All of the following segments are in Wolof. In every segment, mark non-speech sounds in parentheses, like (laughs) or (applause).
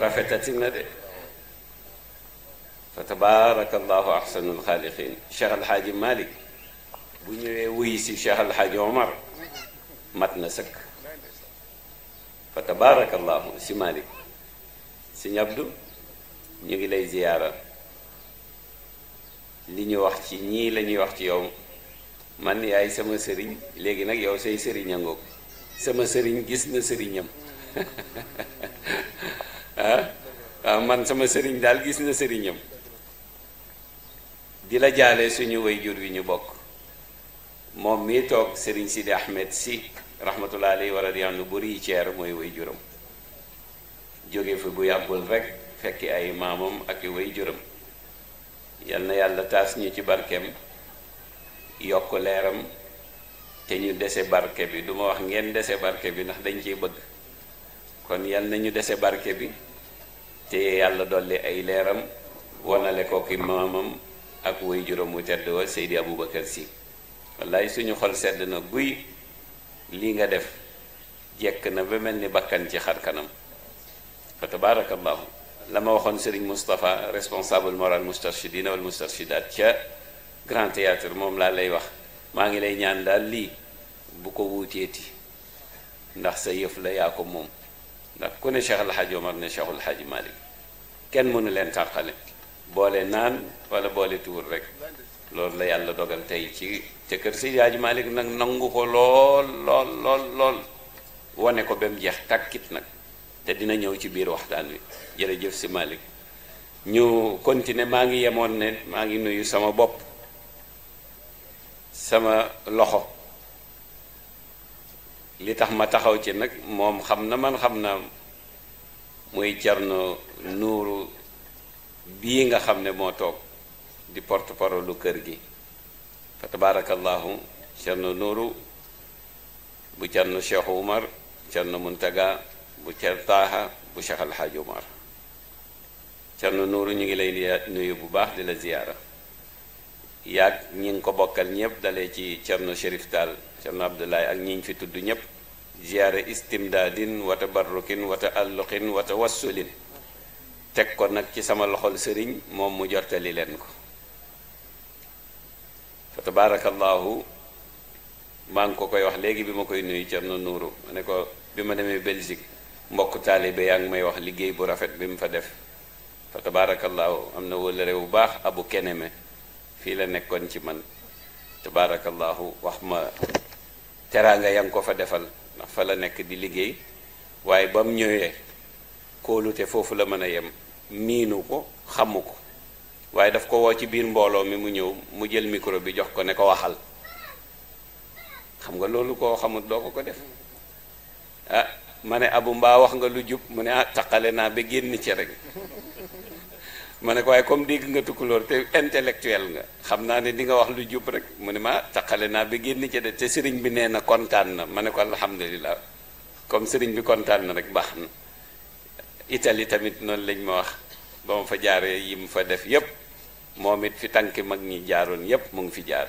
rafetati na de fa tabaarakallahu ahsanul xaaliqin Cheikh Alxaaji Malick bu ñëwee wuyu si Cheikh Alxaaji Omar mat na sëkk fa tabaarakallahu si Malick si ñabdu ñu ngi lay ziyaara li ñu wax ci ñii la ñuy wax ci yow man yaay sama sëriñ léegi nag yow say sëriñ sama sëriñ gis na sëriñam Ah? ah man sama sëriñ daal gis na sëriñam di la jaale suñu jur wi ñu bokk moom mi toog sëriñ Sidi Ahmed si rahmatullah alayhi wa radiyan lu buri ceer mooy wayjuram jóge fi bu yàggul rek fekki ay maamam ak i wayjuram yal na yàlla taas ñu ci barkeem yokk leeram te ñu dese barke bi duma wax ngeen dese barke bi ndax dañ ciy bëgg kon yal na ñu dese barke bi te yàlla dolli ay leeram wanale ko ki maamam ak way juróom wu tedd wa Seydi Aboubacar Sy wallaay suñu xol sedd na guy lii nga def jekk na ba mel ni bakkan ci xar kanam fa tabarakallahu la ma waxoon Serigne Moustapha responsable moral moustarchidina wal moustarchidat ca Grand Théâtre moom laa lay wax maa ngi lay ñaan daal lii bu ko wuuteeti ndax sa yëf la yaa ko moom ndax ku ne Cheikh El Hadj Omar ne Cheikh El Hadj Malick kenn mënu leen tàqale boole naan wala boole tuur rek loolu la yàlla dogal tey ci te kër si Hadj Malick nag nangu ko lool lool lool lool wane ko ba mu jeex tàkkit nag te dina ñëw ci biir waxtaan wi jërëjëf si malik ñu continuer maa ngi yemoon ne maa ngi nuyu sama bopp sama loxo. li tax ma taxaw ci nag moom xam na man xam na muy Thierno Nourou bii nga xam ne moo toog di porte parole lu kër gi fa tabarakallahu Thierno Nourou bu Thierno Cheikh Oumar Thierno Muntaga bu Thierno Taaha bu Cheikh El Hadj Oumar Thierno Nourou ñu ngi lay nuyu bu baax di la ziyaara yàgg ñi ngi ko bokkal ñépp dalee ci Thierno Chérif Tall Cerno Abdoulaye ak ñi ñu fi tudd ñépp ziyaare istimdaadin wa tabarrukin wa taalluqin wa tawassulin teg ko nag ci sama loxol sëriñ moom mu jottali leen ko fa tabaarakallaahu maa ngi ko koy wax léegi bi ma koy nuyu Cerno Nuuru ma ne ko bi ma demee Belgique mbokk taalibe yaa ngi may wax liggéey bu rafet bi mu fa def fa tabaarakallaahu am na wëllëre bu baax abu keneme fii la nekkoon ci man tabaarakallaahu wax ma teraanga ya nga ko fa defal ndax fa la nekk di liggéey waaye ba mu ñëwee kóolute foofu la mën a yem miinu ko xamu ko waaye daf ko woo ci biir mbooloo mi mu ñëw mu jël micro bi jox ko ne ko waxal xam nga loolu koo xamut doo ko ko def ah ma ne abu mbaa wax nga lu jub mu ne ah taqale naa ba génn ci rek ma ne ko waaye comme dégg nga tukkulóor te intellectuel nga xam naa ne di nga wax lu jub rek mu ne ma taqale naa ba génn ca de te sëriñ bi nee na kontaan na ma ne ko alhamdulilah comme sëriñ bi kontaan na rek baax na Italie tamit noonu lañ ma wax ba ma fa jaaree yi mu fa def yépp moom it fi tànki mag ñi jaaroon yépp mu ngi fi jaar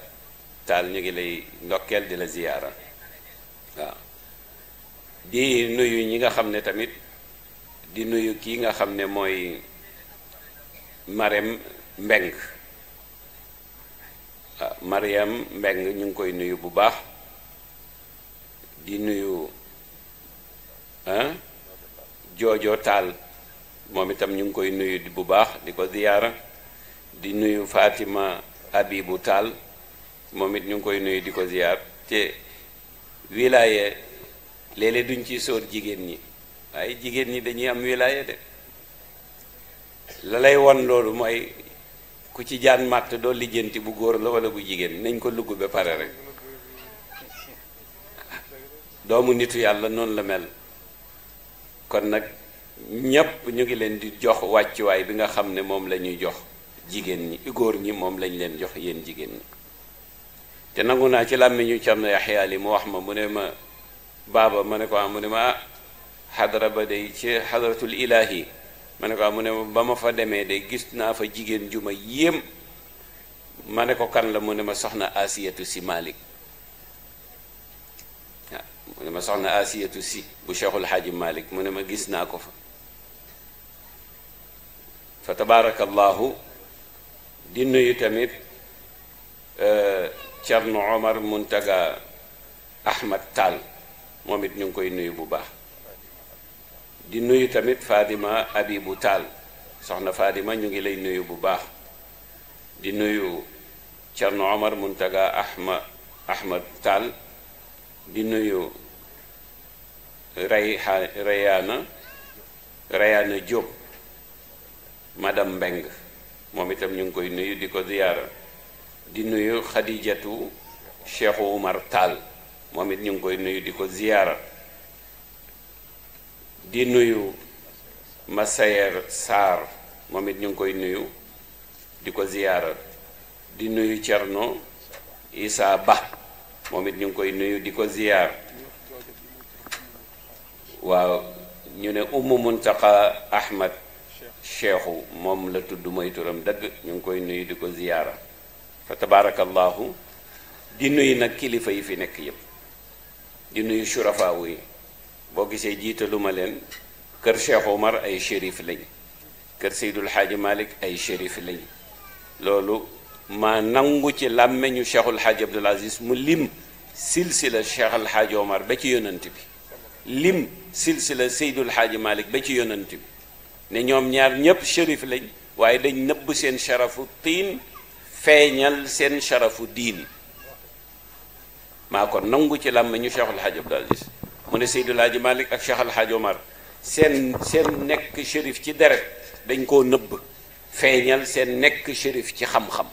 taal ñu ngi lay ndokkeel di la ziyaara waaw di nuyu ñi nga xam ne tamit di nuyu kii nga xam ne mooy Marème Mbeng waaw ah, Mariam Mbeng ñu ngi koy nuyu bu baax di nuyu ah, joojoo taal moom itam ñu ngi koy nuyu bu baax di ko ziyaara di nuyu Fatima Abibu Taal moom it ñu ngi koy nuyu di ko ziyaar te wilaaye léeg-léeg duñ ci sóor jigéen ñi waaye jigéen ñi dañuy am wilaaye de lalay lay won loolu mooy ku ci jaan màtt doo lijjanti bu góor la wala bu jigéen nañ ko lugg ba pare rek doomu nitu yàlla noonu la mel kon nag ñépp ñu ngi leen di jox wàccuwaay bi nga xam ne moom la ñuy jox jigéen ñi góor ñi moom lañ leen jox yéen jigéen ñi te nangu naa ci làmmiñu cam na yaxyaa yi mu wax ma mu ne ma baaba ma ne ko am ah, mu ne ma ah xadara ba day ci xadaratul ilaahi ma ne ko ah, mu ne ba ma fa demee de gis naa fa jigéen ju ma yéem ma ne ko kan la mu ne ma soxna asiyatu si Malik mu ne ma soxna asiyatu bu Cheikhul Xaaji Malik ne ma gis naa ko fa fa tabaarakallaahu di nuyu tamit Thierno euh, Omar Muntaga Ahmad Tall moom it ñu ngi koy nuyu bu baax di nuyu tamit Fadima Abibu Taal soxna Fadima ñu ngi lay nuyu bu baax di nuyu Cerno Omar Muntaga Ahma Ahmad Taal di nuyu Rayha Rayaana Rayaana Jóob madame Mbeng moom itam ñu ngi koy nuyu di ko ziyaara di nuyu Xadijatu Cheikhu Umar Taal moom it ñu ngi koy nuyu di ko ziyaara di nuyu Massayer Sarr moom it ñu ngi koy nuyu di ko ziyaara di nuyu Thierno Issa Ba moom it ñu ngi koy nuyu di ko ziyaar waaw ñu ne Umm Muntaqa Ahmad Cheikhu moom la tudd mooy turam dëgg ñu ngi koy nuyu di ko ziyaara fa tabaarakallaahu di nuyu nag kilifa yi fi nekk yëpp di nuyu surafaawu yi boo gisee ma leen kër Cheikh Omar ay shérif lañ kër Seydul Xaaji Malik ay shérif lañ loolu ma nangu ci làmmeñu Cheikhul Xaaji Abdul Aziz mu lim silsila Cheikhul Xaaji Omar ba ci yonant bi lim silsila Seydul Xaaji Malik ba ci yonant bi ne ñoom ñaar ñépp shérif lañ waaye dañ nëbb seen sharafu tiin feeñal seen sharafu diin maa ko nangu ci ñu Cheikhul Xaaji Abdul Aziz mu ne Seydou Laaji ak Cheikh Al Hadj Omar seen seen nekk shérif ci deret dañ koo nëbb feeñal seen nekk shérif ci xam-xam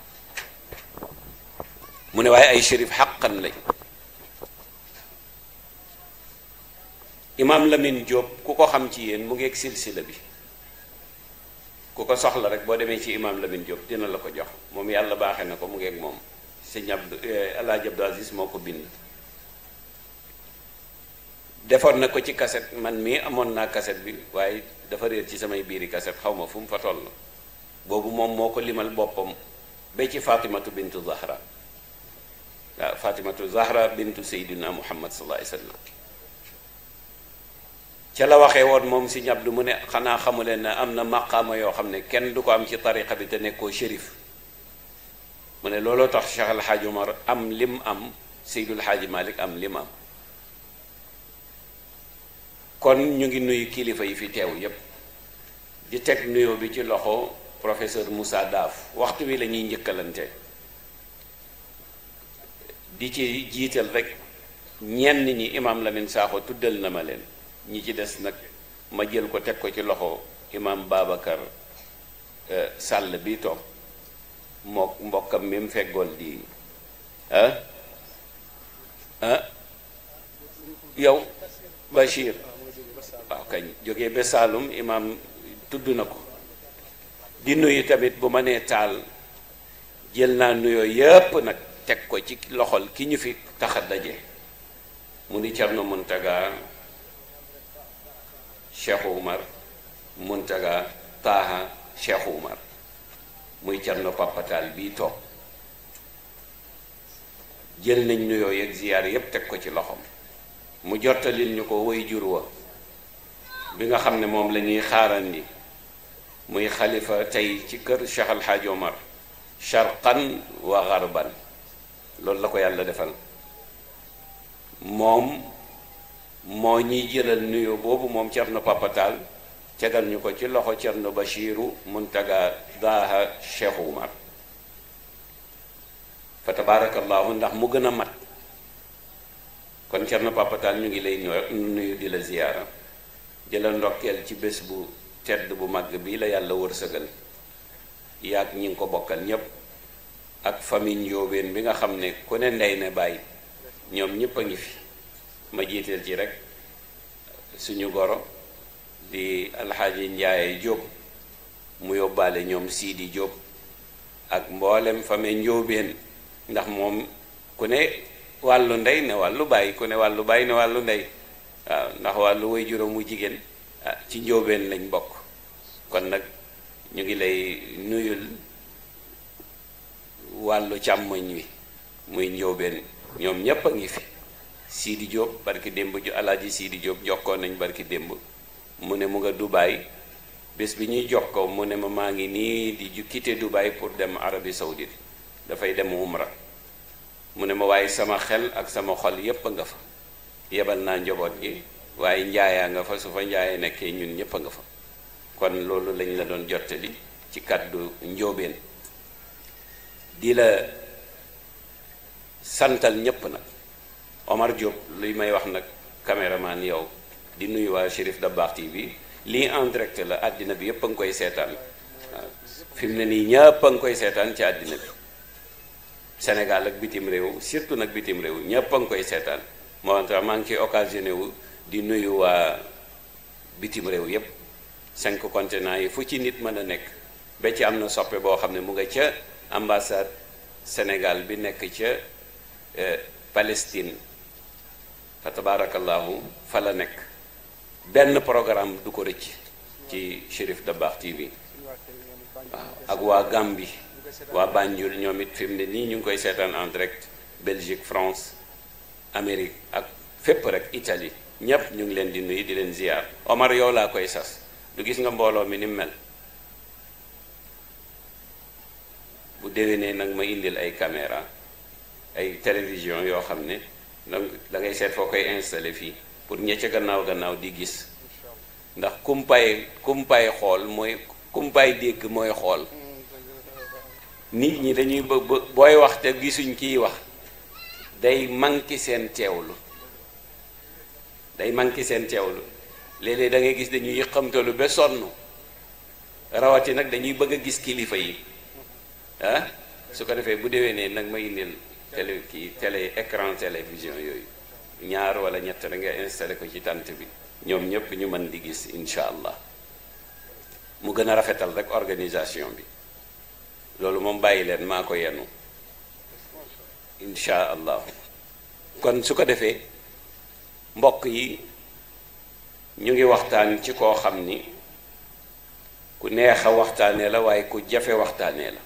mu ne waaye ay shérif xàqan lañ imaam Lamine Diop ku ko xam ci yéen mu ngi egg silsila bi ku ko soxla rek boo demee ci imaam Lamine Diop dina la ko jox moom yàlla baaxee na ko mu ngi moom sëñ Abdou eh, El Hadj moo ko bind. defoon na ko ci kaset man mii amoon naa kaset bi waaye dafa réer ci samay biiri kaset xaw ma fu mu fa toll boobu moom moo ko limal boppam ba ci fatimatu bintu zahra waaw fatimatu zahra bintu seydina muhammad sallallahu alayhi wasallam ca la waxee woon moom si ñab du mu ne xanaa xamuleen ne am na maqaama yoo xam ne kenn du ko am ci tariqa bi te nekkoo sérif mu ne looloo tax Cheikh Al Hadj am lim am Seydul Hadj Malick am lim am kon ñu ngi nuyu kilifa yi fi teew yépp di teg nuyoo bi ci loxo professeur Moussa Daaf waxtu wi lañuy njëkkalante di ci jiital rek ñenn ñi imam Lamine Sakho tuddal na ma leen ñi ci des nag ma jël ko teg ko ci loxo imam Babacar euh, sàll bi toog moo mbokkam mi mu feggool di ah, ah yow Bachir waaw kañ jógee ba Saalum imaam tudd na ko di nuyu tamit bu ma nee taal jël naa nuyoo yépp nag teg ko ci loxol ki ñu fi taxa daje mu di Thierno Muntaga Cheikh Oumar Muntaga Taha muy Thierno Papa Tall bii toog jël nañ nuyoo yeeg ziyaar yépp teg ko ci loxom mu jottalil ñu ko woy jur wa bi nga xam ne moom lañuy ñuy xaarandi muy xalifa tey ci kër Cheikh Al Hadj Omar sharqan wa garban loolu la ko yàlla defal moom moo ñuy jëlal nuyo boobu moom Cerno Papatal tegal ñu ko ci loxo Cerno Bachiru Muntaga Daha Cheikh Umar fa tabaarakallaahu ndax mu gën a mat kon Cerno Papatal ñu ngi lay nuyu di la ziyaara di la ndokkeel ci bés bu tedd bu màgg bi la yàlla wërsëgal yaag ñi ngi ko bokkal ñépp ak famille njóobeen bi nga xam ne ku ne ndey ne bàyyi ñoom ñépp a ngi fi ma jiiteel ci rek suñu goro di alxaaji njaaye jóob mu yóbbaale ñoom di jóob ak mboolem famille njóobeen ndax moom ku ne wàllu ndey ne wàllu bàyyi ku ne wàllu bàyyi ne wàllu ndey waaw ndax wàllu way juróom mu jigéen ah ci njóobeen lañ bokk kon nag ñu ngi lay nuyul wàllu càmmoñ wi muy njóobeen ñoom ñépp a ngi fi Sidi Diop barki démb ju alaaji Sidi Diop jokkoon nañ barki démb mu ne mu nga Dubaay bés bi ñuy jokkoo mu ne ma maa ngi nii di ju quitté Dubaay pour dem Arabie Saoudite dafay dem umra mu ne ma waaye sama xel ak sama xol yépp a nga fa yebal naa njaboot gi waaye njaayaa nga fa su fa njaayee nekkee ñun ñëpp nga fa kon loolu lañ la doon jottali ci kàddu njóobeen di la santal ñépp nag Omar Diop luy may wax nag caméraman yow di nuyu waa Chérif Dabakh TV lii en direct la àddina bi yépp a nga koy seetaan waaw ne nii ñëpp a nga koy seetaan ci àddina bi Sénégal ak bitim réew surtout nag bitim réew ñëpp a nga koy seetaan moo tax maa ngi ci occasionné wu di nuyu waa bitim réew yépp cinq continents yi fu ci nit mën a nekk ba ci am na soppe boo xam ne mu nga ca ambassade Sénégal bi nekk ca eh, Palestine fa tabaarakallaahu fa la nekk benn programme du ko rëcc ci Chérif baax TV waaw ak waa Gambie waa Banjul ñoom it fi mu ne nii ñu ngi koy seetaan en direct Belgique France amerique ak fépp rek Italie ñépp ñu ngi leen di nuyu di leen ziar Omar yow laa koy sas du gis nga mbooloo mi ni mu mel bu déwénee nag ma indil ay caméra ay télévision yoo xam ne donc da seet foo koy installé fii pour ña ca gannaaw gannaaw di gis ndax kumpaay kumpaay xool mooy kumpaay dégg mooy xool mm, nit ñi dañuy bë booy wax te gisuñ kiy wax day manki seen teewlu day manki seen teewlu léeg-léeg da ngay gis dañuy yëqamtalu ba sonn rawati nag dañuy bëgg a gis kilifa yi ah su ko defee bu déwénee nag ma indil télé kii télé écran télévision yooyu ñaar wala ñett rek nga installé ko ci tant bi ñoom ñëpp ñu mën di gis incha allah mu gën a rafetal rek organisation bi loolu moom bàyyi leen maa ko yenu insha allah kon su ko defee mbokk yi ñu ngi waxtaan ci koo xam ni ku neexa waxtaanee la waaye ku jafe waxtaanee la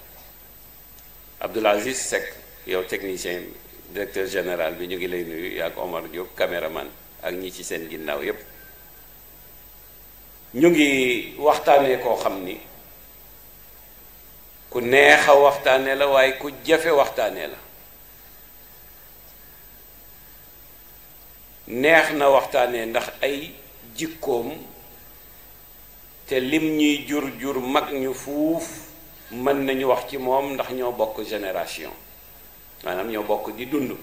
Abdoul Aziz Seck yow technicien directeur général bi ñu ngi lay nuyu yaa ak Omar Diop caméraman ak ñi ci seen ginnaaw yépp ñu ngi waxtaanee koo xam ni ku neexa waxtaanee la waaye ku jafe waxtaanee la neex na waxtaanee ndax ay jikkoom te lim ñuy jur jur mag ñu fuuf mën nañu wax ci moom ndax ñoo bokk génération maanaam ñoo bokk di dund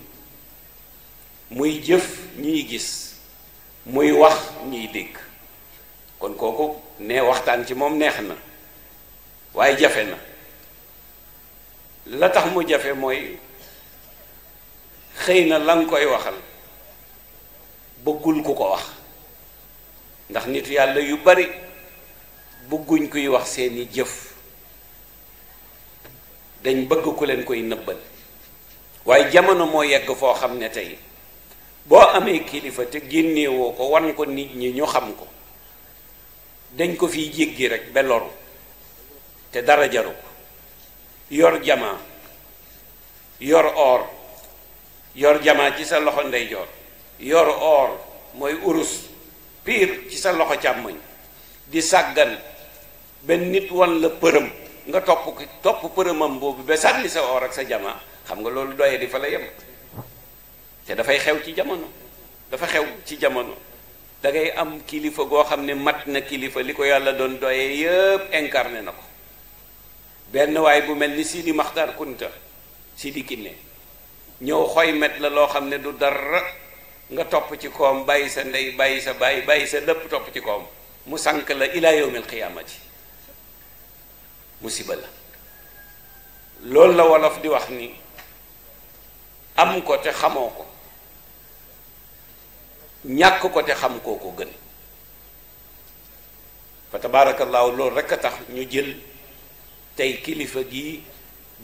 muy jëf ñuy gis muy wax ñuy dégg kon kooku ne waxtaan ci moom neex na waaye jafe na la tax mu jafe mooy xëy na la koy waxal bëggul ku ko wax ndax nit yàlla yu bari bëgguñ kuy wax seeni jëf dañ bëgg ku leen koy nëbbal waaye jamono moo yegg foo xam ne tey boo amee kilifa te génnewoo ko wan ko nit ñi ñu xam ko dañ ko fiy jéggi rekk ba loru te dara jaru ko yor jamaa yor or yor jamaa ci sa loxo ndeyjoor yor or mooy urus piir ci sa loxo càmmoñ di sàggan benn nit wan la përëm nga topp topp përëmam boobu ba sànni sa or ak sa jama xam nga loolu doye di fa la yem te dafay xew ci jamono dafa xew ci jamono dangay am kilifa goo xam ne mat na kilifa li ko yàlla doon doyee yépp incarné na ko benn waay bu mel ni Sidi Maxtar Kunta Sidi Kiné ñëw xoymet la loo xam ne du dara nga topp ci koom bàyyi sa ndey bàyyi sa bàyyi bàyyi sa lëpp topp ci koom mu sànk la ilaa yawmil qiyaamati musiba la loolu la wolof di wax ni am ko te xamoo ko ñàkk ko te xam koo ko gën fa tabaarakallaahu lool rekk a tax ñu jël tey kilifa gii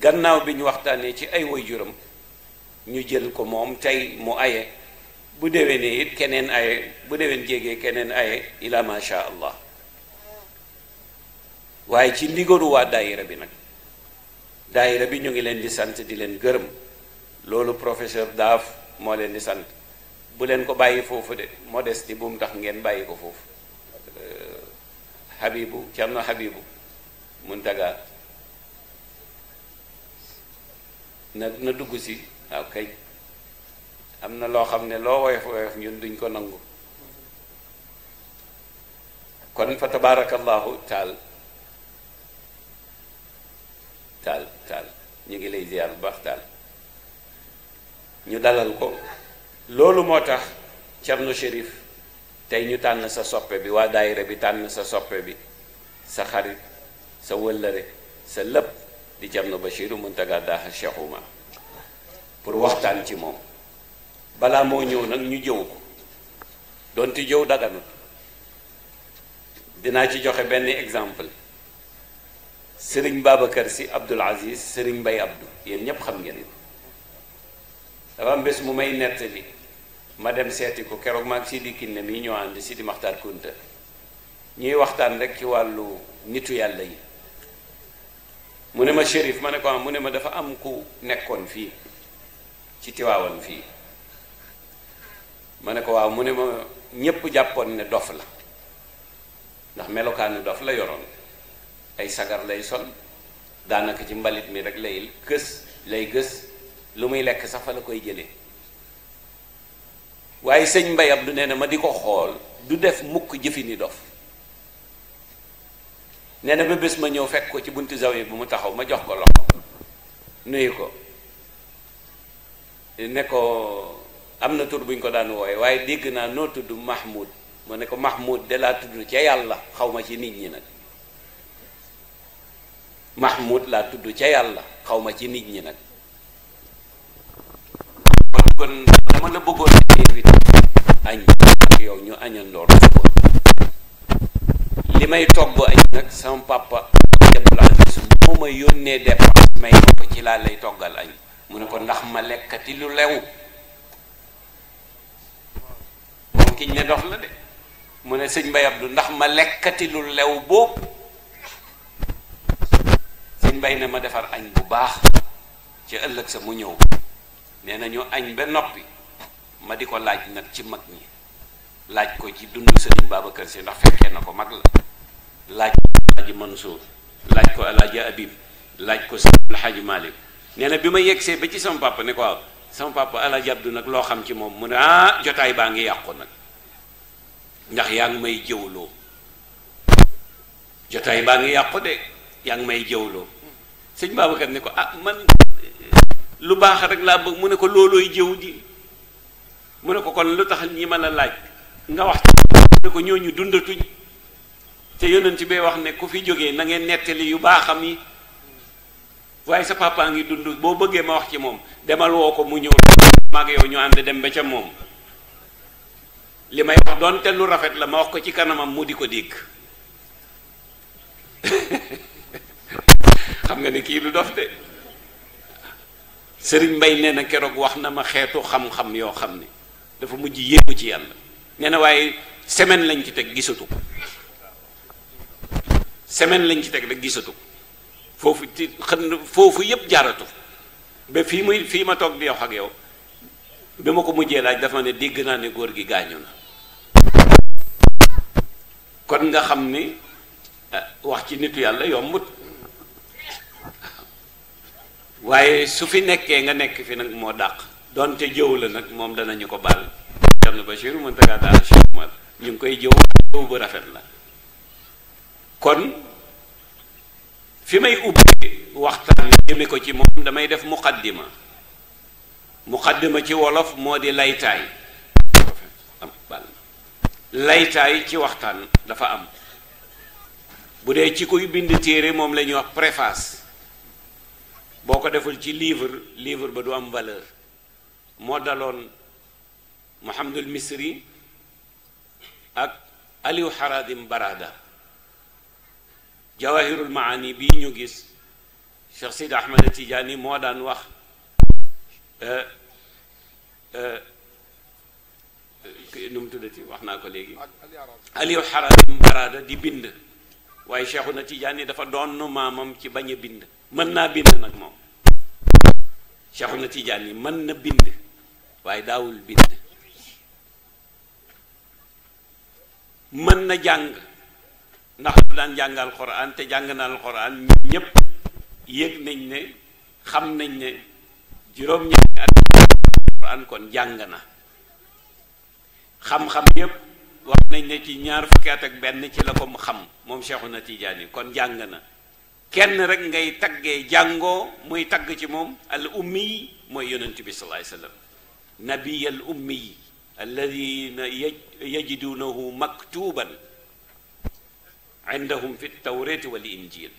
gannaaw bi ñu waxtaanee ci ay waajuram ñu jël ko moom tey mu aye bu déwénee it keneen aye bu déwén jéegee keneen aye ila masha allah waaye ci ndigalu waa daayira bi nag daayira bi ñu ngi leen di sant di leen gërëm loolu professeur Daaf moo leen di sant bu leen ko bàyyi foofu de modestie bu mu tax ngeen bàyyi ko foofu Habibu Cerno Habibu Muntaga na na dugg si waaw kay am na loo xam ne loo woyof woyof ñun duñ ko nangu kon fa tabarakallahu taal taal taal ñu ngi lay ziar bu baax taal ñu dalal ko loolu moo tax Cerno Chérif tey ñu tànn sa soppe bi waa daayira bi tànn sa soppe bi sa xarit sa wëllëre sa lëpp di Cerno Bachiru Muntaga Daha Cheikh Oumar pour waxtaan ci moom balaa moo ñëw nag ñu jëw ko donte jëw daganut dinaa ci joxe benn exemple sëriñ Babacar si Abdul Aziz sëriñ Mbay Abdou yéen ñépp xam ngeen ko dafa mu may nettali ma dem seeti ko keroog maag Sidi Kiné mi ñoo ànd Sidi Maxtaar Kunta ñuy waxtaan rek ci wàllu nitu yàlla yi mu ne ma shérif ma ne ko am ah, mu ne ma dafa am ku nekkoon fii ci Tiwaawan fii ma ne ko waaw mu ne ma ñépp jàppoon ne dof la ndax melokaanu dof la yoroon ay sagar lay sol daanaka ci mbalit mi rek lay gës lay gës lu muy lekk sax la koy jëlee waaye sëñ Mbay Abdu nee na ma di ko xool du def mukk jëfi ni dof nee na ba bés ma ñëw fekk ko ci buntu zawiya bu mu taxaw ma jox ko loxo nuyu ko ne ko am na tur bu ñu ko daan wooye waaye dégg naa noo tudd Mahmoud ma ne ko Mahmoud de laa tudd ca yàlla xawma ci nit ñi nag Mahmoud laa tudd ca yàlla xaw ma ci nit ñi nag kon dama la bëggoon invité añ ak yow ñu añandoor li may togg añ nag sama yónnee dépense may ko ci laa lay toggal añ mu ne ko ndax ma lekkati lu lew moom kiñ ne dof la de mu ne sëñ Mbay Abdu ndax ma lekkati lu lew boobu sëñ Mbay ne ma defar añ bu baax ci ëllëg sa mu ñëw nee na ñu añ ba noppi ma di ko laaj nag ci mag ñi laaj ko ci dund sëriñ Babacar Si ndax fekkee na ko mag la laaj ko alaaji Mansour laaj ko alaaji Abib laaj ko sëriñ Alaaji Malik nee na bi ma yegsee ba ci sama papa ne ko waaw sama papa ala jabdu nag loo xam ci moom mu ne ah jotaay baa ngi yàqu nag ndax yaa ngi may jëwloo jotaay baa ngi yàqu de yaa ngi may jëwloo sëñ Babacar ne ko ah man lu baax rek laa bëgg mu ne ko loolooy jëw ji mu ne ko kon lu tax ñi ma la laaj nga wax mu ne ko ñooñu dundatuñ te yonent bee wax ne ku fi jógee na ngeen nettali yu baaxam yi waaye sa papa ngi dund boo bëggee ma wax ci moom demal woo ko mu ñëw maag yow ñu ànd dem ba ca moom li may wax doonte lu rafet la ma wax ko ci kanamam mu di ko dégg (laughs) xam nga ne kii du dof de sëriñ mbay nee na keroog wax na ma xeetu xam-xam yoo xam ne dafa mujj yéemu ci yàlla nee na waaye semaine lañ ci teg gisatu ko semaine lañ ci teg rek gisatu ko foofu ci xam na foofu yëpp jaaratu ba fii muy fii ma toog di wax ak yow bi ma ko mujjee laaj dafa ne dégg naa ne góor gi gaañu na kon nga xam ni eh, wax ci nitu yàlla yombut waaye su fi nekkee nga nekk fi nag moo dàq donte jëw la nag moom dana ñu ko baal Thierno Bachir Mountaga daal Cheikh Oumar ñu ngi koy jëw jëw bu rafet la kon fi may ubbi waxtaan jëme ko ci moom damay def muqaddima muqaddima ci wolof moo di laytaay laytaay ci waxtaan dafa am bu dee ci kuy bind téere moom la ñuy wax préface boo ko deful ci livre livre ba du am valeur moo daloon Mouhamadul Misri ak Aliou Haradim baraada jawahirul maani bii ñu gis Cheikh Sidi Ahmed Tidiane moo daan wax euh, euh, nu mu tuddati wax naa ko léegi aliou xararim di bind waaye Cheikhuna Tidiane dafa doon maamam ci bañ a bind mën naa bind nag moom Cheikhuna Tidiane mën na bind waaye daawul bind mën na jàng ndax daf daan jàngal Alxuraan te jàng na Alxuraan ñëpp yëg nañ ne xam nañ ne juróom-ñetti at Alxuraan kon jàng na xam-xam yëpp wax nañ ne ci ñaar fukki at ak benn ci la ko xam moom Seexuna Tijaan yi kon jàng na kenn rek ngay taggee jàngoo muy tagg ci moom al ummi yi mooy yonent bi sallallahu alayhi wasallam nabiy al ummi yi alladina yajidunahu maktuban indahum fi tawrati wal injil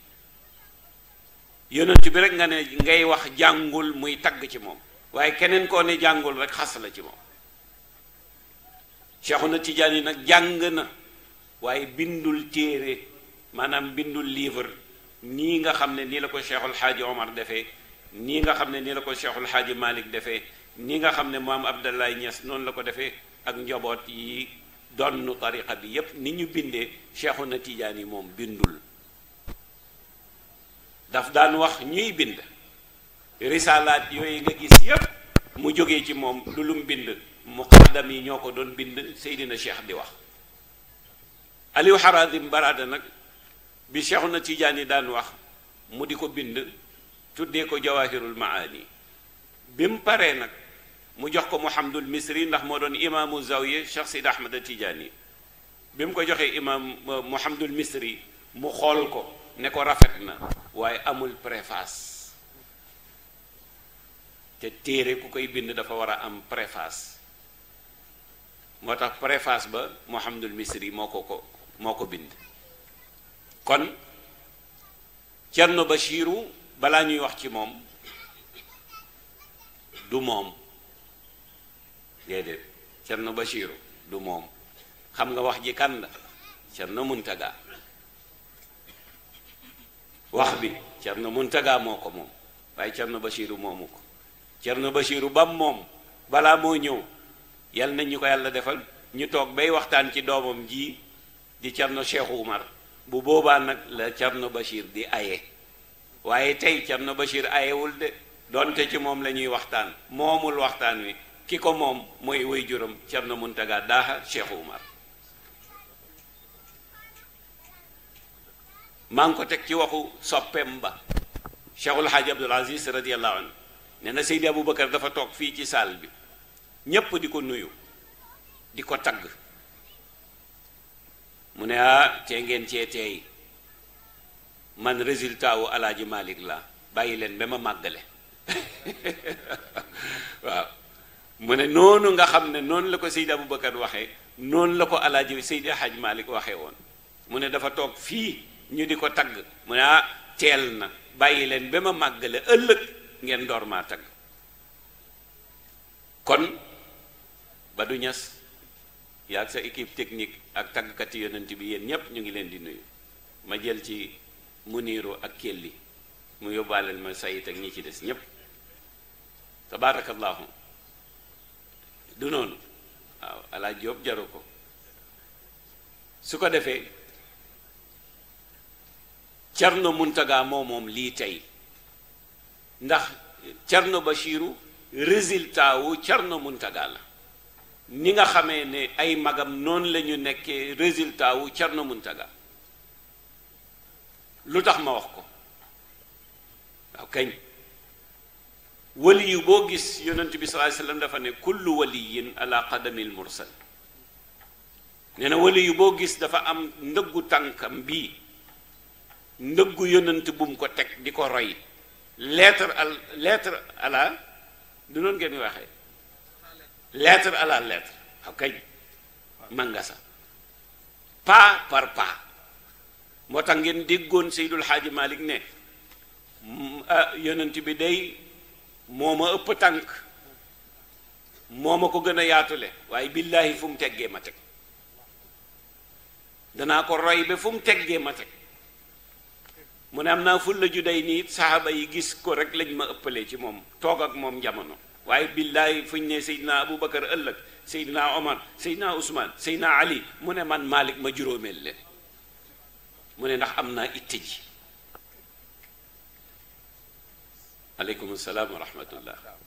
yonent bi rek nga ne ngay wax jàngul muy tagg ci moom waaye keneen koo ne jàngul rek xas la ci moom Seexuna Tijaan yi nag jàng na waaye bindul téere maanaam bindul livre nii nga xam ne nii la ko Seexul Xaaji Omar defee nii nga xam ne nii la ko Seexul Xaaji Malik defee nii nga xam ne maam Abdallah Niass noonu la ko defee ak njaboot yi donnu tariqa bi yépp ni ñu bindee na tiijaan yi moom bindul daf daan wax ñuy bind risalaat yooyu nga gis yépp mu jógee ci moom du lum bind muqaddam yi ñoo ko doon bind Seydina Cheikh di wax Aliou Harazim Barada nag bi Cheikhuna Tijaani daan wax mu di ko bind tuddee ko Jawahirul Maani bi mu paree nag mu jox ko Muhammadul Misri ndax moo doon imaamu zawiya Cheikh Sidi Ahmed Tidiane bi mu ko joxee imaam euh, Muhammadul Misri mu xool ko ne ko rafet na waaye amul préface te téere ku koy bind dafa war a am préface moo tax préface ba Muhammadul Misri moo ko ko moo ko bind kon Cerno Bachiru balaa ñuy wax ci moom du moom déedéet Cerno Bachiru du moom xam nga wax ji kan la Cerno Muntaga wax bi Cerno Muntaga moo ko moom waaye Cerno Bachiru moomu ko Cerno Bachiru bam moom balaa moo ñëw yal nañ ñu ko yàlla defal ñu toog bay waxtaan ci doomam ji di Cerno Cheikh Umar bu boobaa nag la Cerno Bachir di aye waaye tey Cerno Bachir ayewul de donte ci moom la ñuy waxtaan moomul waxtaan wi ki ko moom mooy way juram Cerno Muntaga Daaxa Cheikh Umar maa ngi ko teg ci waxu soppem ba Cheikhul Haaji Abdul Aziz radiyallahu anhu nee na Seydi Aboubacar dafa toog fii ci saal bi ñépp di ko nuyu di ko tagg mu ne ah tee ngeen cee teey man résultat wu Alaaji Malik la bàyyi leen ba ma màggale (laughs) waaw mu ne noonu nga xam ne noonu la ko Seydi Aboubacar waxee noonu la ko alaaji Seydi Hadj Malick waxee woon mu ne dafa toog fii ñu di ko tagg mu ne ah teel na bàyyi leen ba ma màggale ëllëg ngeen door maa tagg kon ba du ñas yaag sa équipe technique ak taggkati yonent bi yéen ñépp ñu ngi leen di nuyu ma jël ci mu muniiru ak kelli mu yóbbaaleel ma sayit ak ñi ci des ñépp tabaarakallaahu du noonu waaw alaa Jóob jaru ko su ko defee Cerno Muntaga moo moom lii tey ndax Cerno Bachiru résultat wu Cerno Muntaga la ni nga xamee ne ay magam noonu la ñu nekkee résultat wu Cerno Muntaga lu tax ma wax ko waaw kañ wali yu boo gis yonent bi sallallahu alayhi wasallam dafa ne kullu waliyin ala qadamil mursal nee na wali yu boo gis dafa am ndëggu tànkam bii ndëggu yonent bu mu ko teg di ko roy lettre al lettre ala du noonu ngeen waxee lettre ala lettre xaw kañ mangasa pas par pas moo tax ngeen déggoon Seydul Xaaji Malik ne mm, ah, yonent bi day moo ma ëpp tànk moo ma ko gën a yaatule waaye billaahi fu mu teggee ma teg danaa ko roy ba fu mu teggee ma teg mu ne am naa ful la ju day nii saxaaba yi gis ko rek lañ ma ëppale ci moom toog ak moom jamono waaye billaahi fu ñu ne Seydina Aboubacar ëllëg Seydina Omar Seydina Ousmane Seydina Ali mu ne man Malick ma juróomeel leen mu ne ndax am naa itte ji aleykum salaam wa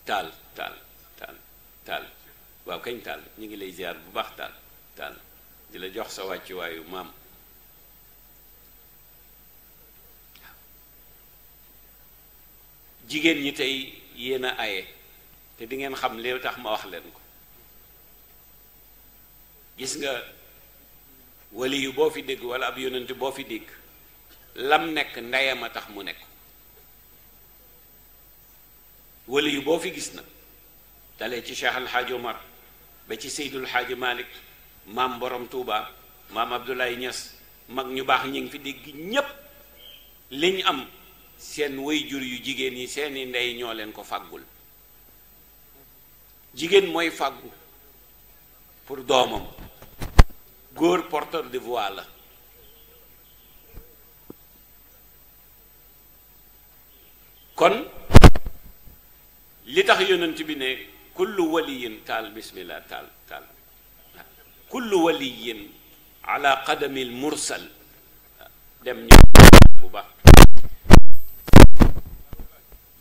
taal taal taal waaw kañ taal ñu ngi lay ziar bu baax taal taal di la jox sa wàccuwaayu maam jigéen ñi tey yéen a aye te di ngeen xam li tax ma wax leen ko gis nga wali boo fi dégg wala ab yonent boo fi dégg lam nekk ndeyam a tax mu nekk wali yi boo fi gis na dalee ci Cheikh Alxaaji Omar ba ci Seydul Xaaji Malik maam borom Touba maam Abdoulaye ñas mag ñu baax ñi ngi fi dégg ñépp liñ am seen way jur yu jigéen yi seeni ndey ñoo leen ko fàggul jigéen mooy fàggu pour doomam góor porteur de voix la kon li tax yonent bi ne kullu waliyin taal bismillah taal taal kullu waliyin ala qadamil mursal dem ñu bu baax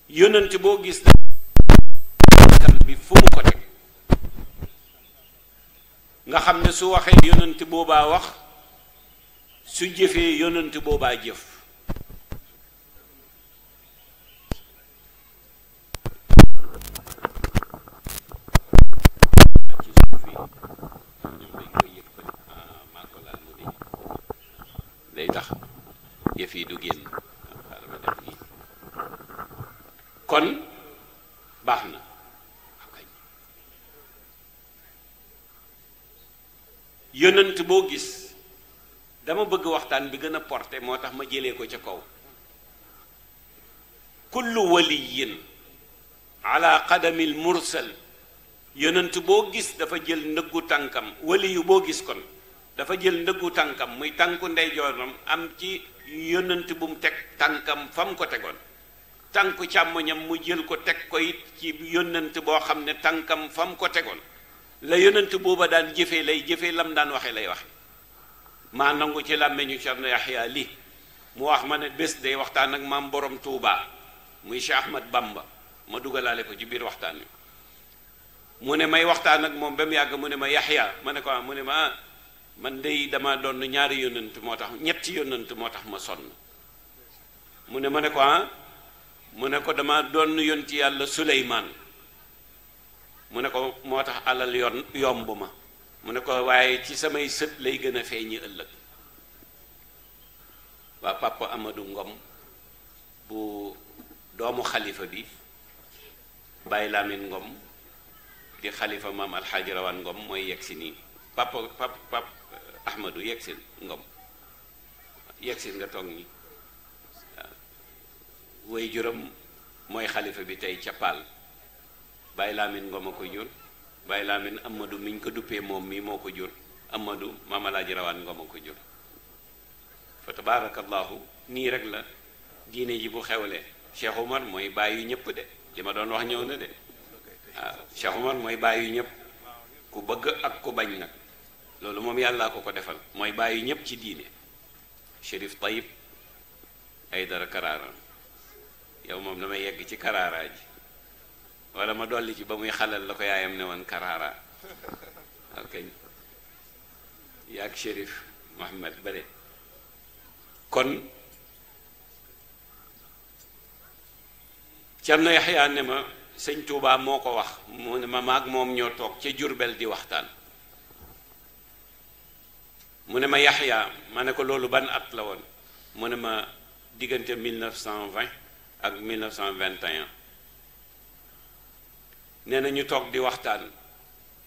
yonent boo gis na bi nga xam ne su waxee yonent boobaa wax su jëfee yonent boobaa jëf yonent boo gis dama bëgg waxtaan bi gën a porté moo tax ma jëlee ko ca kaw kullu waliyin ala qadamil mursal yonent boo gis dafa jël ndëggu tànkam waliyu boo gis kon dafa jël ndëggu tànkam muy tànku ndeyjooram am ci yonent bu mu teg tànkam fa mu ko tegoon tànku càmmoñam mu jël ko teg ko it ci yonent boo xam ne tànkam fa mu ko tegoon la yonent booba daan jëfee lay jëfe lam daan waxe lay waxe maa nangu ci làmmeñu Cerno Yaxya li mu wax ma ne bés day waxtaan ak maam borom Touba muy Cheikh Ahmad Bamba ma dugalaale ko ci biir waxtaan wi mu ne may waxtaan ak moom ba yàgg mu ne ma Yaxya ma ne ko ah, mu ne ma ah, man day dama doon ñaari yonent moo tax ñetti yonent moo tax ma sonn mu ne ma ne ko ah, mu ne ko dama doon yonti yàlla Suleymaan mu ne ko alal yomb ma mu ne ko waaye ci samay sët lay gën a feeñi ëllëg waa papa amadu Ngom bu doomu xalifa bi Baye Lamine Ngom di xalifa maam alxaaji Ngom mooy yegg si nii papa papa Ngom yegg si nga toog nii waaw way juram mooy xalifa bi tey ca Paal Baye Lamine Ngom a ko jur Baye Lamine Amadou miñ ko duppee moom mii moo ko jur Amadou Mamalaaji Rawaan Ngom moo ko jur fa tabaarakallaahu nii rek la diine ji bu xewlee Cheikh Umar mooy bàyyi ñëpp de li ma doon wax ñëw na de waaw ah, Cheikh Umar mooy bàyyi ñëpp ku bëgg ak ku bañ nag loolu moom yàllaa ko ko defal mooy bàyyi ñëpp ci diine Chérif Tayib Aydara Karaaran yow moom damay yegg ci karaaraa ji wala ma dolli ci ba muy xalal la ko yaayam ne woon karaara ok yaag shérif mohammed bare kon Cerno Yaxya ne ma sëñ Tuubaa moo ko wax mu ne ma maag moom ñoo toog ca Jurbel di waxtaan mu ne ma Yaxya ma ne ko loolu ban at la woon mu ne ma diggante mille cent vingt ak 1921 nee na ñu toog di waxtaan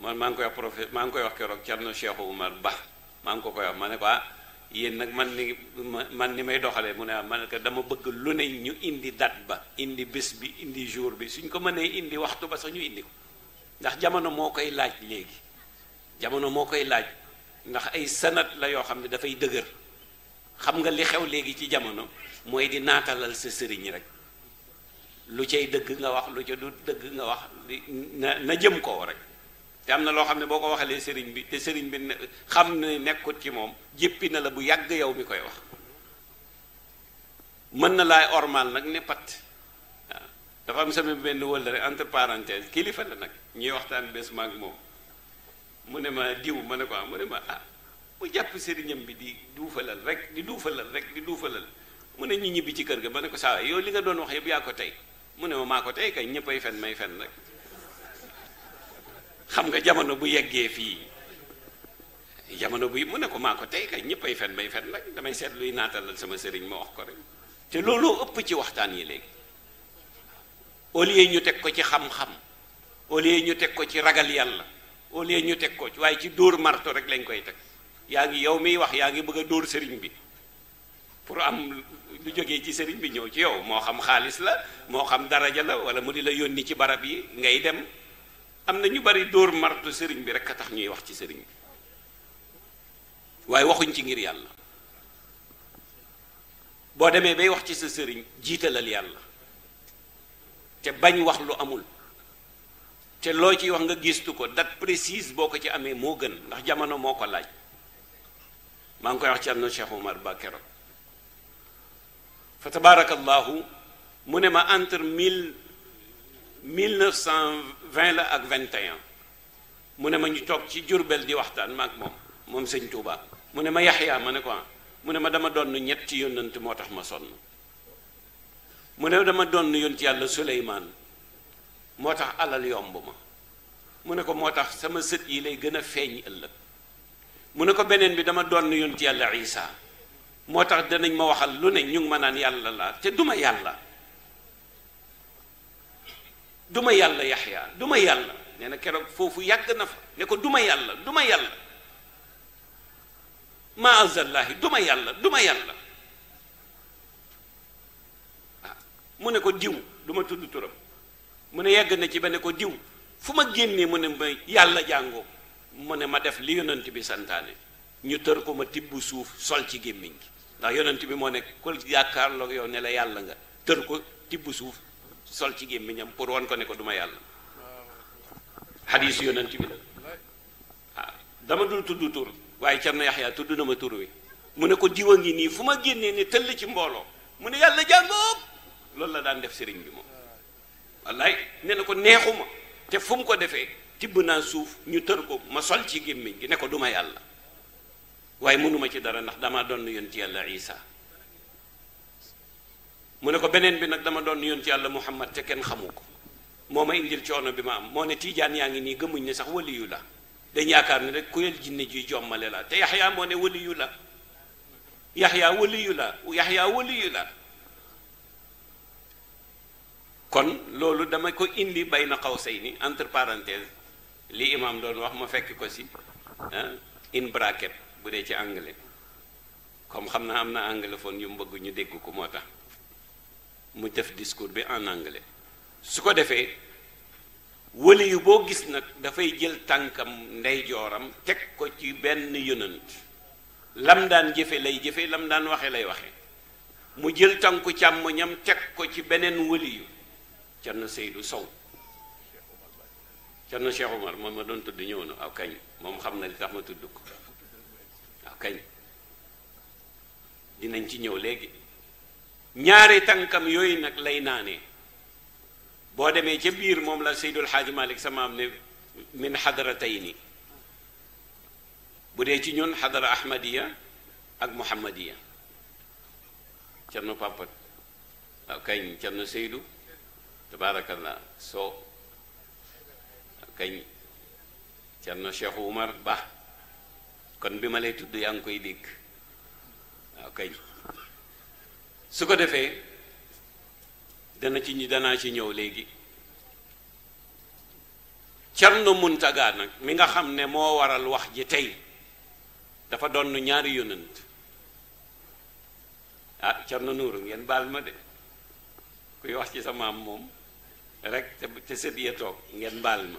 man maa ngi koy wax profe maa ngi koy wax keroog Thierno Cheikh Oumar Ba maa ngi ko koy wax ma ne ko ah yéen nag man ni man ni may doxalee mu ne ah, ma ne man dama bëgg lu ne ñu indi date ba indi bés bi indi jour bi suñ ko mën mënee indi waxtu ba sax ñu indi ko ndax jamono moo koy laaj léegi jamono moo koy laaj ndax ay sanat la yoo xam ne dafay dëgër xam nga li xew léegi ci jamono mooy di naatalal sa sëriñ rek. lu cay dëgg nga wax lu ca du dëgg nga wax na na jëm koo rek te am na loo xam ne boo ko waxalee sëriñ bi te sëriñ bi xam ne nekkut ci moom jippi na la bu yàgg yow mi koy wax mën na laay ormal nag ne pat waaw dafa am sama benn wëllëre entre parenthèse kilifa la nag ñuy waxtaan bés maag moom mu ne ma diw ma ne ko mu ne ma ah mu jàpp sëriñam bi di duufalal rek di duufalal rek di duufalal mu ne ñu ñibbi ci kër gi ma ne ko saa yow li nga doon wax yëpp yaa ko tey mu ne maa ko tey kay ñëppay fen may fen rek xam nga jamono bu yeggee fii jamono bu mu ne ko maa ko tey kay ñëppay fen may fen rek damay seet luy naatalal sama sëriñ ma wax ko rek te looloo ëpp ci waxtaan yi léegi au lieu ñu teg ko ci xam-xam au lieu ñu teg ko ci ragal yàlla au lieu ñu teg ko ci waaye ci dóor marto rek lañ koy teg yaa ngi yow miy wax yaa ngi bëgg a dóor sëriñ bi pour am lu jógee ci sëriñ bi ñëw ci yow moo xam xaalis la moo xam daraja la wala mu di la yónni ci barab yi ngay dem am na ñu bari dóor martu sëriñ bi rek a tax ñuy wax ci sëriñ bi waaye waxuñ ci ngir yàlla boo demee bay wax ci sa sëriñ jiitalal yàlla te bañ wax lu amul te loo ciy wax nga gistu ko date précise boo ko ci amee moo gën ndax jamono moo ko laaj maa ngi koy wax ci am na Cheikh Omar Ba keroog fa tabarakallahu mu ne ma entre mille mille neuf cent vingt la ak vingt et mu ne ma ñu toog ci Jurbel di waxtaan maak moom moom sëñ Tuubaa mu ne ma Yaxya ma ne ko mu ne ma dama doon ñetti yónnante moo tax ma sonn mu ne dama doon yónent yàlla Suleymaan moo tax alal yomb ma mu ne ko moo tax sama sët yi lay gën a feeñ ëllëg mu ne ko beneen bi dama doon yónent yàlla Isaa moo tax danañ ma waxal lu ne ñu ngi ma naan yàlla laa te duma yàlla duma yàlla yaxya duma yàlla nee na keroog foofu yàgg na fa ne ko duma yàlla duma yàlla ma azallaahi duma yàlla duma yàlla ah, mu ne ko diw duma tudd turam mu ne yàgg na ci ba ne ko diw fu ma génnee mu ne ma yàlla jàngoo mu ne ma def li yonent bi santaane ñu tër ko ma tibb suuf sol ci gémmiñ gi ndax yonent bi moo nekk kul yaakaarloo yow ne la yàlla nga tër ko tibb suuf sol ci gémmiñam pour won ko ne ko duma yàlla xadiis yonent bi la ah, dama dul tudd tur waaye Cerno Yaxya tudd na ma tur wi mu ne ko diwa ngi nii fu ma génnee ne tëll ci mbooloo mu ne yàlla jàngoom loolu la daan def sëriñ bi moom wallaay ne na ko neexuma te fu mu ko defee tibb naa suuf ñu tër ko ma sol ci gémmiñ gi ne ko duma yàlla waaye mënuma ci dara ndax damaa doon yonent yàlla isa mu ne ko beneen bi nag dama doon yonent yàlla muhammad te kenn xamu ko moo ma indil coono bi ma am moo ne tiijaan yaa ngi nii gëmuñ ne sax waliyu la dañ yaakaar ne rek kuréel jinne ji jommale la te yaxyaa moo ne waliyu la yaxyaa waliyu la yaxyaa waliyu la kon loolu dama ko indi bay na xaw say ni entre parenthèse li imam doon wax ma fekk ko si ah, in bracket bu dee ci anglais comme xam naa am na anglophone yu mu bëgg ñu dégg ko moo tax mu def discours bi en anglais su ko defee wëli yu boo gis nag dafay jël tànkam ndeyjooram teg ko ci benn yonant lam daan jëfe lay jëfe lam daan waxe lay waxe mu jël tànku càmmoñam teg ko ci beneen wëli yu Cerno Seydou Sow Cerno Cheikh Omar moom ma doon tudd ñëw na aw kañ moom xam na li tax ma tudd ko kañ dinañ ci ñëw léegi ñaari tànkam yooyu nag lay naanee boo demee ca biir moom la Seydul Xaaji Malik sama am ne min xadaratayni bu dee ci ñun xadara ahmadiya ak muhammadiya cerno pàppat waaw kañ cerno Seydu tabaarakallah soo kañ cerno Cheikh Umar Ba kon bi ma lay tudd yaa ngi koy dégg waaw kay su ko defee dana ci ñu danaa ci ñëw léegi Cerno Muntaga nag mi nga xam ne moo waral wax ji tey dafa doon ñaari yonant ah Cerno Nuuru ngeen baal ma de kuy wax ci sa maam moom rek te te ya toog ngeen baal ma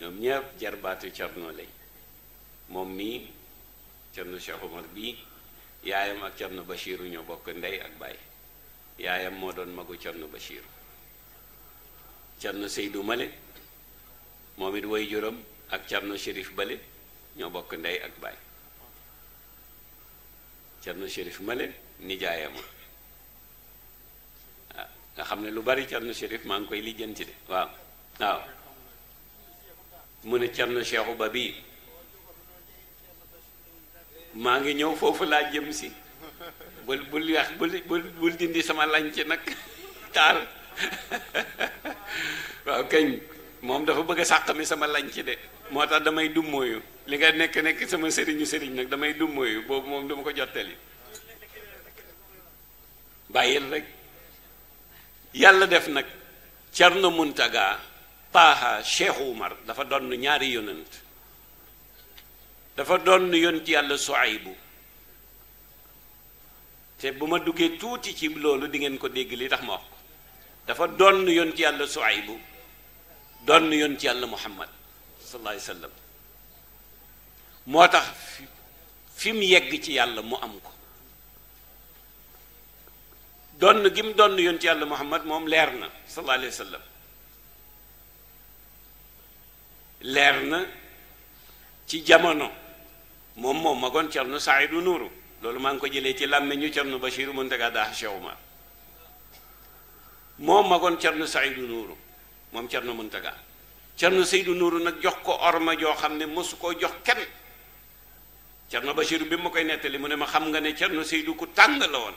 ñoom ñëpp jarbaatu Cerno lañ moom mii Cerno Cheikh bii yaayam ak Cerno Bachiru ñoo bokk ndey ak baay yaayam moo doon magu Cerno Bachiru Cerno Seydou Male moom it way juróom ak Cerno Chérif Bale ñoo bokk ndey ak baay Cerno Chérif Male nijaayama ah, nga xam ne lu bari Cerno Chérif maa ngi koy lijjanti de waaw waaw mu ne Cerno Seexu Ba bii maa ngi ñëw foofu laa jëm si bul bul yax bul bul dindi sama lañ ci nag (laughs) taar (laughs) waaw kañ moom dafa bëgg a sàqami sama lañ ci de moo tax damay dummóoyu li nga nekk nekk sama sëriñu sëriñ nag damay dummóoyu boobu moom dama ko jottali bàyyil rek yàlla def nag Cerno Muntaga taaha cheikh Umar dafa doon ñaari yonent dafa doon yonent yàlla Suaybu te bu ma duggee tuuti ci loolu di ngeen ko dégg li tax ma wax ko dafa doon yonent yàlla Suaybu doon yonent yàlla Muhammad sallallahu alayhi wa sallam moo tax fi mu yegg ci yàlla mu am ko doon gi mu doon yonent yàlla Muhammad moom leer na sallallahu alayhi leer na ci jamono moom moom magoon Cerno Saidu Nuuru loolu maa ngi ko jëlee ci làmmiñu Cerno Bachiru Muntaga Daha Cheikh ma moom magoon Cerno Saidu Nuuru moom Cerno Muntaga Cerno Saidu Nuuru nag jox ko orma joo xam ne mosu koo jox kenn Cerno Bachiru bi ma koy nettali mu ne ma xam nga ne Cerno Saidu ku tàng la woon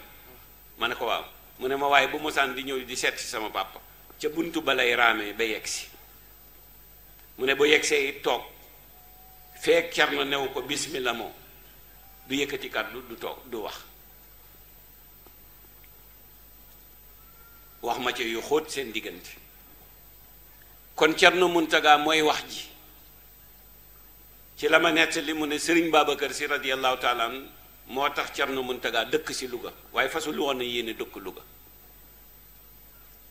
ma ne ko waaw mu ne ma waaye bu mosaan di ñëw di seet si sama papa ca buntu balay raamee ba yegg si mu ne ba yegsee toog feek Cerno new ko bismillah moom du yëkkati du toog du wax wax ma ci yu xóot seen diggante kon car na Cerno Muntaga mooy wax ji ci la ma li mu ne sëriñ kër si radiyallahu taala moo tax car na Cerno Muntaga dëkk si Louga waaye fasul woon na yéene dëkk Louga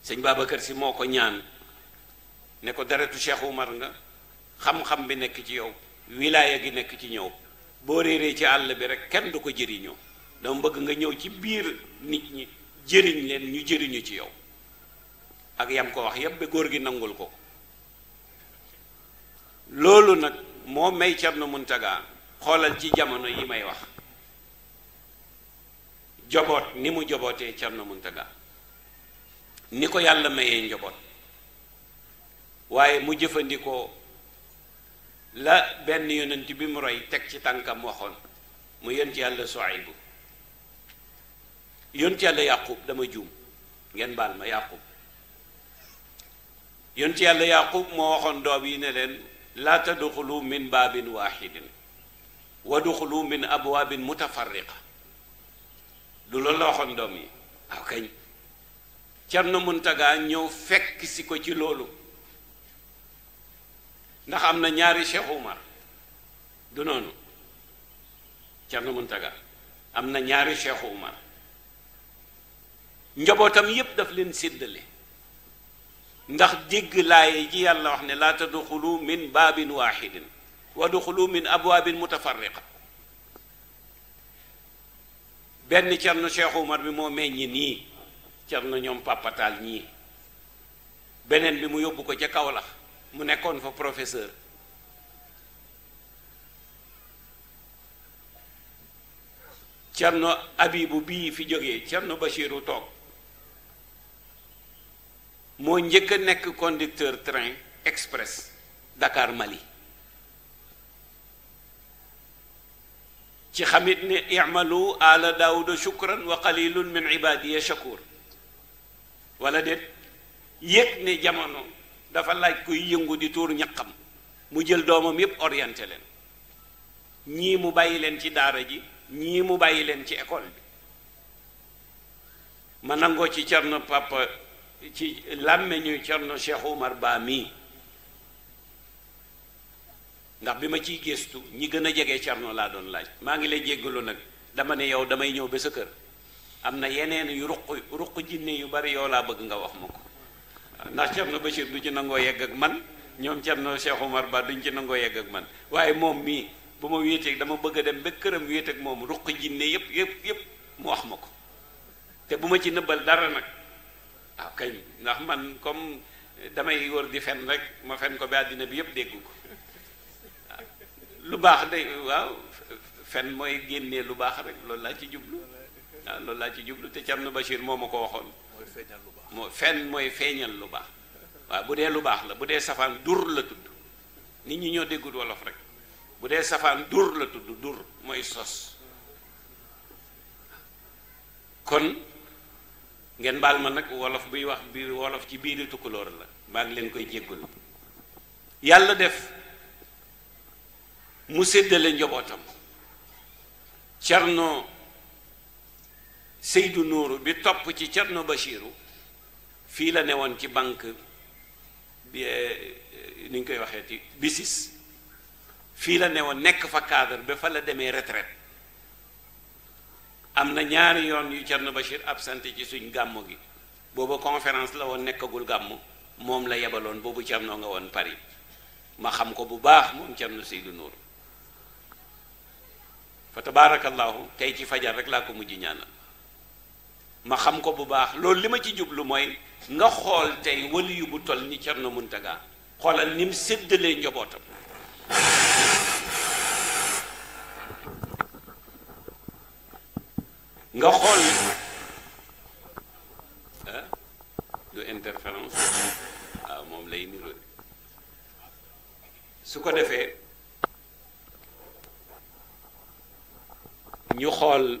sëñ kër si moo ko ñaan ne ko deretu Cheikh Umar nga xam-xam bi nekk ci yow wilaaya gi nekk ci ñëw boo réeree ci àll bi rek kenn du ko jëriñoo dama bëgg nga ñëw ci biir nit ñi jëriñ leen ñu jëriñu ci yow ak yam ko wax yépp ba góor gi nangul ko loolu nag moo may Cerno Muntaga xoolal ci jamono yi may wax joboot ni mu jobootee Cerno Muntaga ni ko yàlla mayee njoboot waaye mu jëfandikoo la benn yonent bi mu roy teg ci tànkam waxoon mu yonent yàlla Suaybu yonent yàlla yàqub dama juum ngeen baal ma yàqub yonent yàlla yàqub moo waxoon doom yi ne leen laa tadxulu min baabin waaxidin wa duxulu min abwaabin mutafarriqa du loolu la waxoon doom yi waaw kañ Cerno Muntaga ñëw fekk si ko ci loolu ndax am na ñaari Cheikh Umar du noonu Cerno Muntaga am na ñaari Cheikh Umar njabootam yépp daf leen séddale ndax dégg laaye ji yàlla wax ne laa tadxulu min baabin waaxidin wa duxulu min abwaabin mutafarriqa benn Cerno Cheikh Umar bi moo meññi nii Cerno ñoom Pàppataal ñii beneen bi mu yóbbu ko ca Kawlax mu nekkoon fa professeur Cerno Abibu bii fi jógee Cerno Bachiru toog moo njëkk a nekk conducteur train express Dakar Mali ci xamit ne i'malu ala daawuda shukran wa qalilun min ibadiya shakur wala déet yëg ne jamono dafa laaj kuy yëngu di tuur ñaqam mu jël doomam yépp orienté leen ñii mu bàyyi leen ci daara ji ñii mu bàyyi leen ci école bi ma nangoo ci carno papa ci làmmeñu cerno Cheikh Oumar Ba mii ndax bi ma ciy gëstu ñi gën a jege cerno laa doon laaj maa ngi lay jéggalu nag dama ne yow damay ñëw ba sa kër am na yeneen yu ruq ruq jinne yu bari yow laa bëgg nga wax ma ko ndax Cerno Bachir du ci nangoo yegg ak man ñoom Cerno Cheikh Omar Ba duñ ci nangoo yegg ak man waaye moom mii bu ma wéeteeg dama bëgg a dem ba këram wéet ak moom ruq jinne yëpp yëpp yëpp mu wax ma ko te bu ma ci nëbbal dara nag ah kañ ndax man comme damay wër di fen rek ma fen ko ba àddina bi yëpp dégg ko ah, lu baax day waaw fen mooy génnee lu baax rek loolu laa ci jublu waaw ah, loolu laa ci jublu te Cerno Bachir moo ma ko waxoon feeñal lu baax moo fen mooy feeñal lu baax waaw bu dee lu baax la bu dee safaan dur la tudd nit ñi ñoo déggul wolof rek bu dee safaan dur la tudd dur mooy sos kon ngeen baal ma nag wolof buy wax biir wolof ci biiri tukkulóor la maa ngi leen koy jéggul yàlla def mu séddale njobootam Cerno Seydou Nourou bi topp ci Thierno bachiru fii la newoon ci banque eh, eh, niñ koy waxee ci BICIS fii la newoon nekk fa cadre ba fa la demee retraite am na ñaari yoon yu Thierno Bachir absenté ci suñ gàmmu gi booba conférence la woon nekkagul gàmmu moom la yebaloon boobu Thierno nga woon Paris ma xam ko bu baax moom Thierno Seydou Nourou fa tabaarakallaahu tey ci fajar rek laa ko mujj ñaanal. ma xam ko bu baax loolu li ma ci jublu mooy nga xool tey wali yu bu toll ni mun Muntaga xoolal ni mu séddalee njobootam nga xool ah moom lay niroo su ko defee ñu xool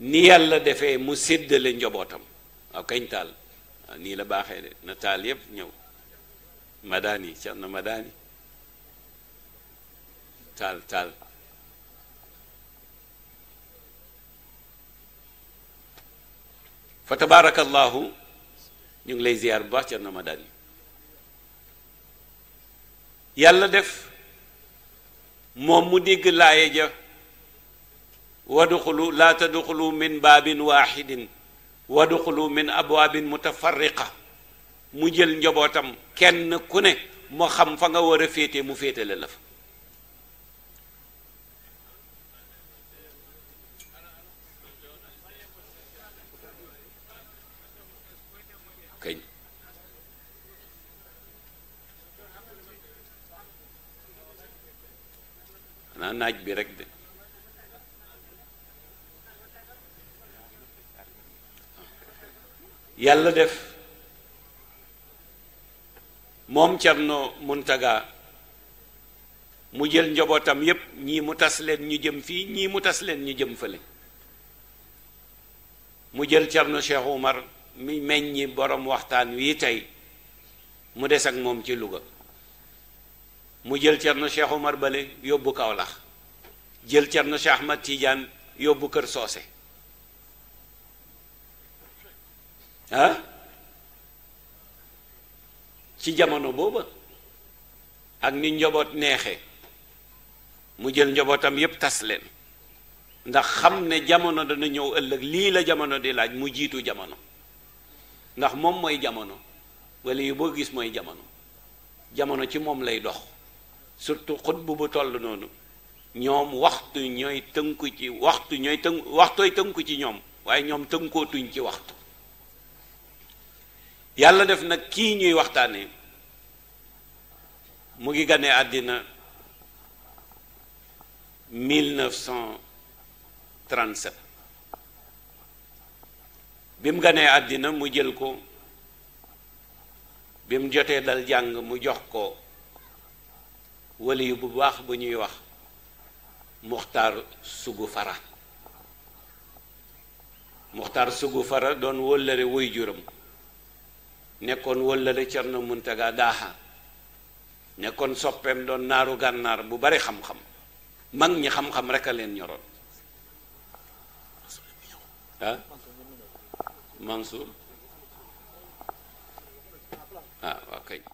ni yàlla defee mu séddale njobootam waaw kañ taal nii la baaxee de na taal yépp ñëw madaani car na madaani taal taal fa tabaarakallaahu ñu ngi lay ziyaar bu baax car na madaani yàlla def moom mu dégg laaye ja waduxulu laa min baabin waaxidin waduxulu min abwaabin mutafarriqa mu jël njabootam kenn ku ne mu xam fa nga war féete mu féetale la fa naaj bi rek yàlla def moom Cerno Muntaga mu jël njobootam yépp ñii mu tas leen ñu jëm fii ñii mu tas leen ñu jëm fële mu jël Cerno Cheikh Umar mi meññi borom waxtaan wi tey mu des ak moom ci Louga mu jël Cerno Cheikh Umar bale yóbbu kawlax jël Cerno Cheikh Ahmad Tidiane yóbbu Kër Soose ah ci jamono booba ak ni njaboot neexe mu jël njabootam yépp tas leen ndax xam ne jamono dana ñëw ëllëg lii la jamono di laaj mu jiitu jamono ndax moom mooy jamono wala yu boo gis mooy jamono jamono ci moom lay dox surtout xutbu bu toll noonu ñoom waxtu ñooy tënku ci waxtu ñooy tënku waxtooy tënku ci ñoom waaye ñoom tënkootuñ ci waxtu yàlla def nag kii ñuy waxtaanee mu ngi gane àddina 1937 bi mu ganee àddina mu jël ko bi mu jotee dal jàng mu jox ko waliyu bu baax bu ñuy wax muxtaar sugu fara muxtaar sugu fara doon wóllëre woy juram nekkoon wëllële Cerno Muntaga daaxa nekkoon soppeem doon naaru gànnaar bu bari xam-xam mag ñi xam-xam rek a leen ñoroon ah ah